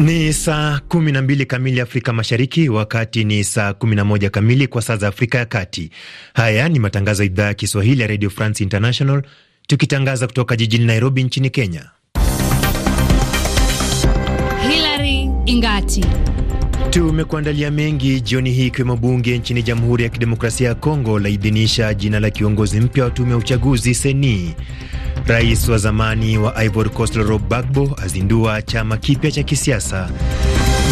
Ni saa 12 kamili Afrika Mashariki, wakati ni saa 11 kamili kwa saa za Afrika ya Kati. Haya ni matangazo ya idhaa ya Kiswahili ya Radio France International, tukitangaza kutoka jijini Nairobi nchini Kenya. Hilary Ingati tumekuandalia mengi jioni hii, ikiwemo bunge nchini Jamhuri ya Kidemokrasia ya Kongo laidhinisha jina la kiongozi mpya wa tume ya uchaguzi seni Rais wa zamani wa Ivory Coast Laurent Gbagbo azindua chama kipya cha kisiasa,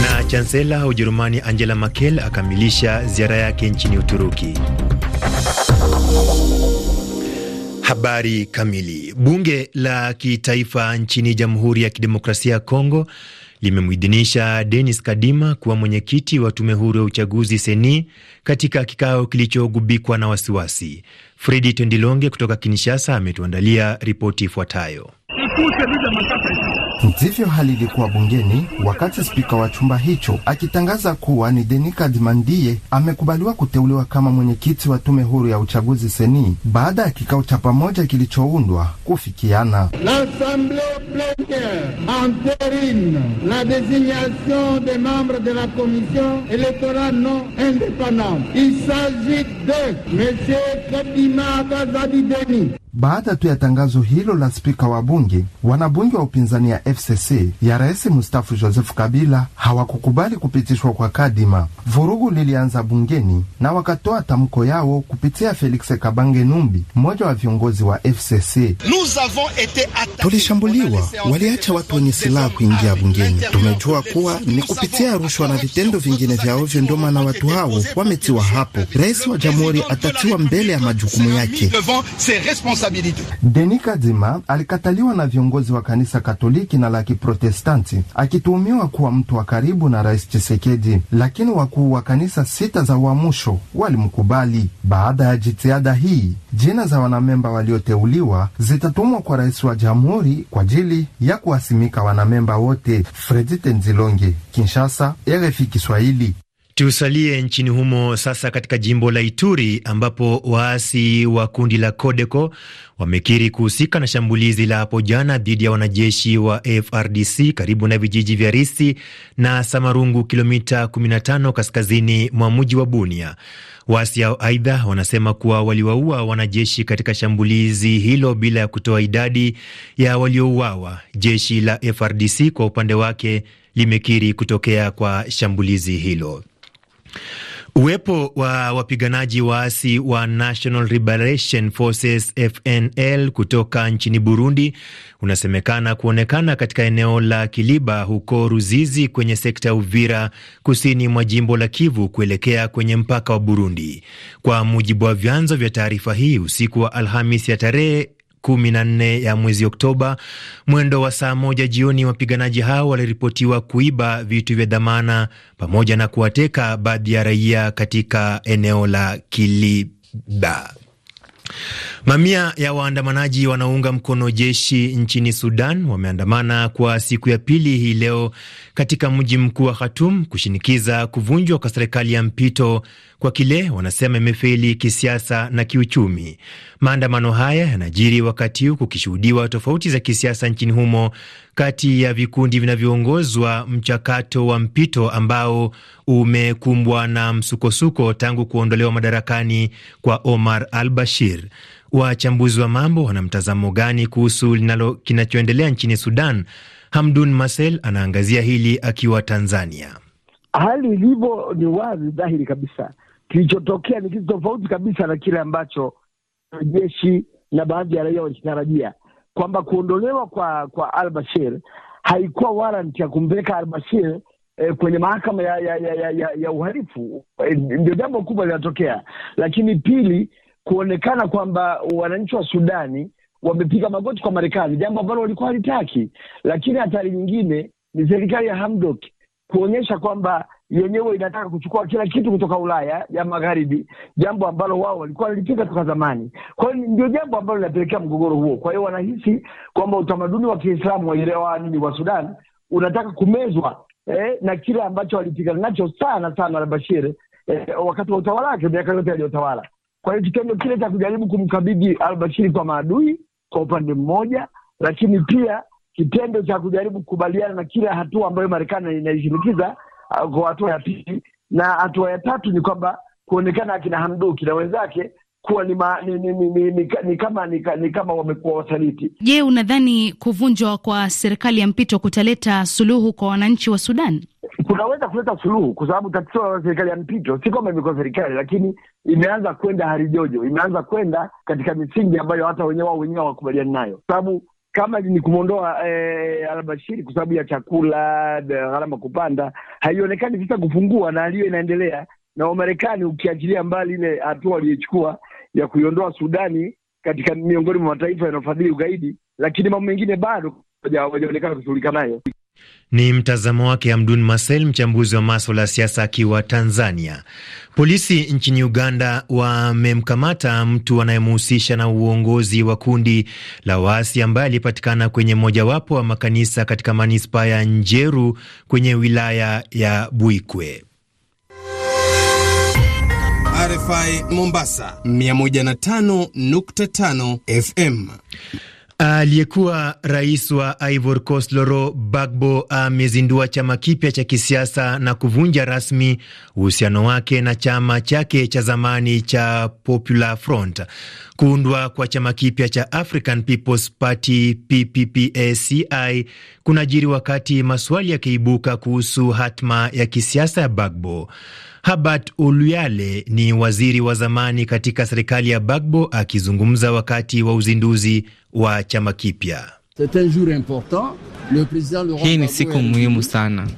na chansela wa Ujerumani Angela Merkel akamilisha ziara yake nchini Uturuki. Habari kamili. Bunge la kitaifa nchini Jamhuri ya Kidemokrasia ya Kongo limemuidhinisha Denis Kadima kuwa mwenyekiti wa tume huru ya uchaguzi seni katika kikao kilichogubikwa na wasiwasi. Fredi Tendilonge kutoka Kinshasa ametuandalia ripoti ifuatayo. Ndivyo hali ilikuwa bungeni wakati spika wa chumba hicho akitangaza kuwa ni Denika Dimandie amekubaliwa kuteuliwa kama mwenyekiti wa tume huru ya uchaguzi seni baada ya kikao cha pamoja kilichoundwa kufikiana de la commission non indépendante. Il s'agit baada tu ya tangazo hilo la spika wa bunge, wanabunge wa upinzani ya FCC ya rais mustafu Joseph Kabila hawakukubali kupitishwa kwa kadima. Vurugu lilianza bungeni na wakatoa tamko yao kupitia Felix Kabange Numbi, mmoja wa viongozi wa FCC. Tulishambuliwa, waliacha watu wenye silaha kuingia bungeni. Tumejua kuwa ni kupitia rushwa na vitendo vingine vya ovyo, ndio maana watu hao wametiwa hapo. Rais wa Shimori atachiwa mbele ya majukumu yake. Denis Kadima alikataliwa na viongozi wa kanisa Katoliki na la Kiprotestanti, akituhumiwa kuwa mtu wa karibu na Rais Chisekedi, lakini wakuu wa kanisa sita za uamusho walimkubali. Baada ya jitihada hii, jina za wanamemba walioteuliwa zitatumwa kwa rais wa jamhuri kwa ajili ya kuwasimika wanamemba wote. Fredi Tenzilonge, Kinshasa, RFI Kiswahili. Tusalie nchini humo sasa, katika jimbo la Ituri ambapo waasi wa kundi la Codeco wamekiri kuhusika na shambulizi la hapo jana dhidi ya wanajeshi wa FRDC karibu na vijiji vya Risi na Samarungu, kilomita 15 kaskazini mwa mji wa Bunia. Waasi hao aidha wanasema kuwa waliwaua wanajeshi katika shambulizi hilo bila ya kutoa idadi ya waliouawa. Jeshi la FRDC kwa upande wake limekiri kutokea kwa shambulizi hilo. Uwepo wa wapiganaji waasi wa National Liberation Forces FNL kutoka nchini Burundi unasemekana kuonekana katika eneo la Kiliba huko Ruzizi kwenye sekta ya Uvira kusini mwa jimbo la Kivu kuelekea kwenye mpaka wa Burundi. Kwa mujibu wa vyanzo vya taarifa hii, usiku wa Alhamis ya tarehe kumi na nne ya mwezi Oktoba mwendo wa saa moja jioni, wapiganaji hao waliripotiwa kuiba vitu vya dhamana pamoja na kuwateka baadhi ya raia katika eneo la Kiliba. Mamia ya waandamanaji wanaunga mkono jeshi nchini Sudan wameandamana kwa siku ya pili hii leo katika mji mkuu wa Khartoum kushinikiza kuvunjwa kwa serikali ya mpito kwa kile wanasema imefeli kisiasa na kiuchumi. Maandamano haya yanajiri wakati huu kukishuhudiwa tofauti za kisiasa nchini humo kati ya vikundi vinavyoongozwa mchakato wa mpito ambao umekumbwa na msukosuko tangu kuondolewa madarakani kwa Omar al Bashir. Wachambuzi wa mambo wana mtazamo gani kuhusu linalo kinachoendelea nchini Sudan? Hamdun Masel anaangazia hili akiwa Tanzania. Hali ilivyo ni wazi dhahiri kabisa Kilichotokea ni kitu tofauti kabisa na kile ambacho jeshi na baadhi ya raia walikitarajia kwamba kuondolewa kwa kwa Albashir haikuwa warrant ya kumpeleka Albashir eh, kwenye mahakama ya ya, ya, ya, ya uhalifu eh, ndio jambo kubwa linatokea. Lakini pili, kuonekana kwamba wananchi wa Sudani wamepiga magoti kwa Marekani, jambo ambalo walikuwa halitaki. Lakini hatari nyingine ni serikali ya Hamdok kuonyesha kwamba yenyewe inataka kuchukua kila kitu kutoka Ulaya ya Magharibi, jambo ambalo wao walikuwa wanalipinga toka zamani. Kwa hiyo ndio jambo ambalo linapelekea mgogoro huo. Kwa hiyo wanahisi kwamba utamaduni wa Kiislamu wairewani wa Sudan unataka kumezwa eh, na kile ambacho walipigana nacho sana sana al-Bashir eh, wakati wa utawala wake, miaka yote aliyotawala. Kwa hiyo kitendo kile cha kujaribu kumkabidhi al-Bashir kwa maadui kwa upande mmoja, lakini pia kitendo cha kujaribu kukubaliana na kila hatua ambayo Marekani inaishinikiza Uh, kwa hatua ya pili, na hatua ya tatu ni kwamba kuonekana akina Hamduki na wenzake kuwa ni, ma, ni, ni, ni, ni, ni, ni kama ni, ni kama wamekuwa wasaliti. Je, unadhani kuvunjwa kwa serikali ya mpito kutaleta suluhu kwa wananchi wa Sudan? Kunaweza kuleta suluhu, kwa sababu tatizo la serikali ya mpito si kwamba imekuwa serikali, lakini imeanza kwenda harijojo, imeanza kwenda katika misingi ambayo hata wenyewe wao wenyewe hawakubaliani nayo, kwa sababu kama ni kumwondoa eh, Albashiri kwa sababu ya chakula eh, gharama kupanda, haionekani sasa kupungua, na aliyo inaendelea na Wamarekani, ukiachilia mbali ile hatua waliyochukua ya kuiondoa Sudani katika miongoni mwa mataifa yanayofadhili ugaidi, lakini mambo mengine bado hawajaonekana kushughulika nayo. Ni mtazamo wake amdun Masel, mchambuzi wa maswala ya siasa akiwa Tanzania. Polisi nchini Uganda wamemkamata mtu anayemhusisha na uongozi wa kundi la waasi ambaye alipatikana kwenye mojawapo wa makanisa katika manispa ya Njeru kwenye wilaya ya Buikwe. RFI Mombasa 105.5 FM. Aliyekuwa rais wa Ivory Coast bagbo amezindua chama kipya cha kisiasa na kuvunja rasmi uhusiano wake na chama chake cha zamani cha Popular Front. Kuundwa kwa chama kipya cha African People's Party PPPACI kunajiri wakati maswali yakiibuka kuhusu hatma ya kisiasa ya Bagbo. Habart uluyale ni waziri wa zamani katika serikali ya Bagbo, akizungumza wakati wa uzinduzi wa chama kipya. Hii ni siku muhimu sana.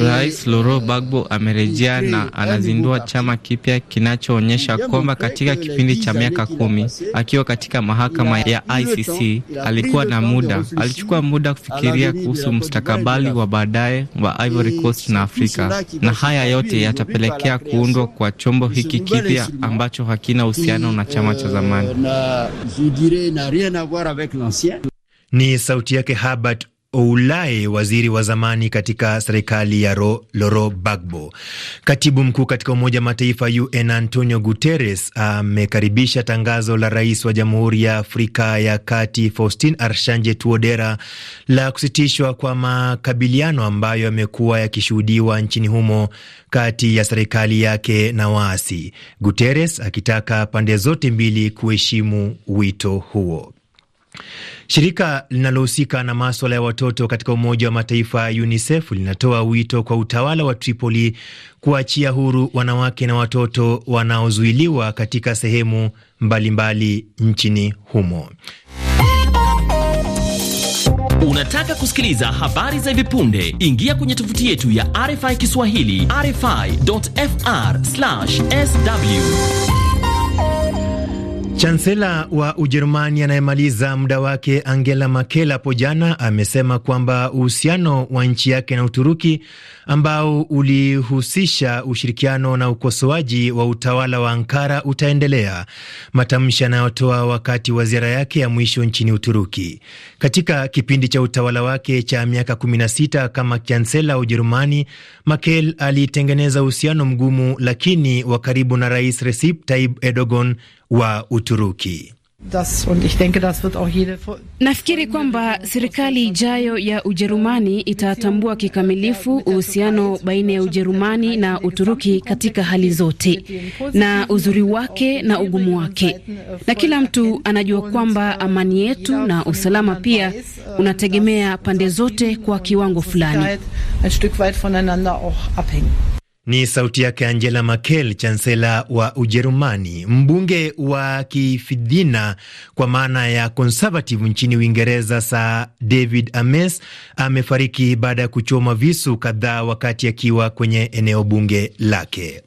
Rais loro bagbo amerejea na anazindua chama kipya kinachoonyesha kwamba katika kipindi cha miaka kumi akiwa katika mahakama ya ICC alikuwa na muda, alichukua muda kufikiria kuhusu mstakabali wa baadaye wa e, Ivory Coast na Afrika, na haya yote yatapelekea kuundwa kwa chombo hiki kipya ambacho hakina uhusiano na chama cha zamani. Euh, Ni sauti yake Herbert oulae waziri wa zamani katika serikali ya Ro, Loro Bagbo. Katibu mkuu katika Umoja wa Mataifa UN Antonio Guterres amekaribisha tangazo la rais wa Jamhuri ya Afrika ya Kati Faustin Archange Tuodera la kusitishwa kwa makabiliano ambayo yamekuwa yakishuhudiwa nchini humo kati ya serikali yake na waasi, Guterres akitaka pande zote mbili kuheshimu wito huo. Shirika linalohusika na maswala ya watoto katika Umoja wa Mataifa UNICEF linatoa wito kwa utawala wa Tripoli kuachia huru wanawake na watoto wanaozuiliwa katika sehemu mbalimbali mbali nchini humo. Unataka kusikiliza habari za hivi punde? Ingia kwenye tovuti yetu ya RFI Kiswahili, rfi.fr/sw. Chansela wa Ujerumani anayemaliza muda wake Angela Merkel hapo jana amesema kwamba uhusiano wa nchi yake na Uturuki ambao ulihusisha ushirikiano na ukosoaji wa utawala wa Ankara utaendelea, matamshi anayotoa wakati wa ziara yake ya mwisho nchini Uturuki. Katika kipindi cha utawala wake cha miaka 16 kama kansela wa Ujerumani, Merkel alitengeneza uhusiano mgumu lakini wa karibu na Rais Recep Tayyip Erdogan wa Uturuki. Nafikiri kwamba serikali ijayo ya Ujerumani itatambua kikamilifu uhusiano baina ya Ujerumani na Uturuki katika hali zote, na uzuri wake na ugumu wake, na kila mtu anajua kwamba amani yetu na usalama pia unategemea pande zote kwa kiwango fulani. Ni sauti yake Angela Merkel, chansela wa Ujerumani. Mbunge wa kifidhina kwa maana ya conservative nchini Uingereza, Sir David Ames amefariki baada ya kuchoma visu kadhaa wakati akiwa kwenye eneo bunge lake.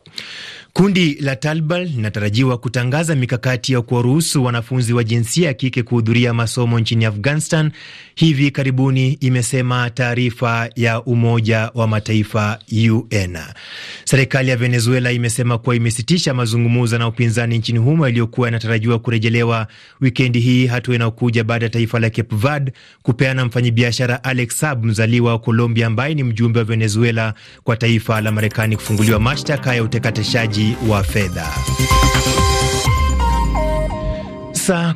Kundi la Talban linatarajiwa kutangaza mikakati ya kuwaruhusu wanafunzi wa jinsia ya kike kuhudhuria masomo nchini Afghanistan hivi karibuni, imesema taarifa ya Umoja wa Mataifa, UN. Serikali ya Venezuela imesema kuwa imesitisha mazungumzo na upinzani nchini humo yaliyokuwa yanatarajiwa kurejelewa wikendi hii, hatua inayokuja baada ya taifa la Cape Verde kupeana mfanyabiashara Alex Saab, mzaliwa wa Colombia, ambaye ni mjumbe wa Venezuela kwa taifa la Marekani, kufunguliwa mashtaka ya utekateshaji wa fedha. Saa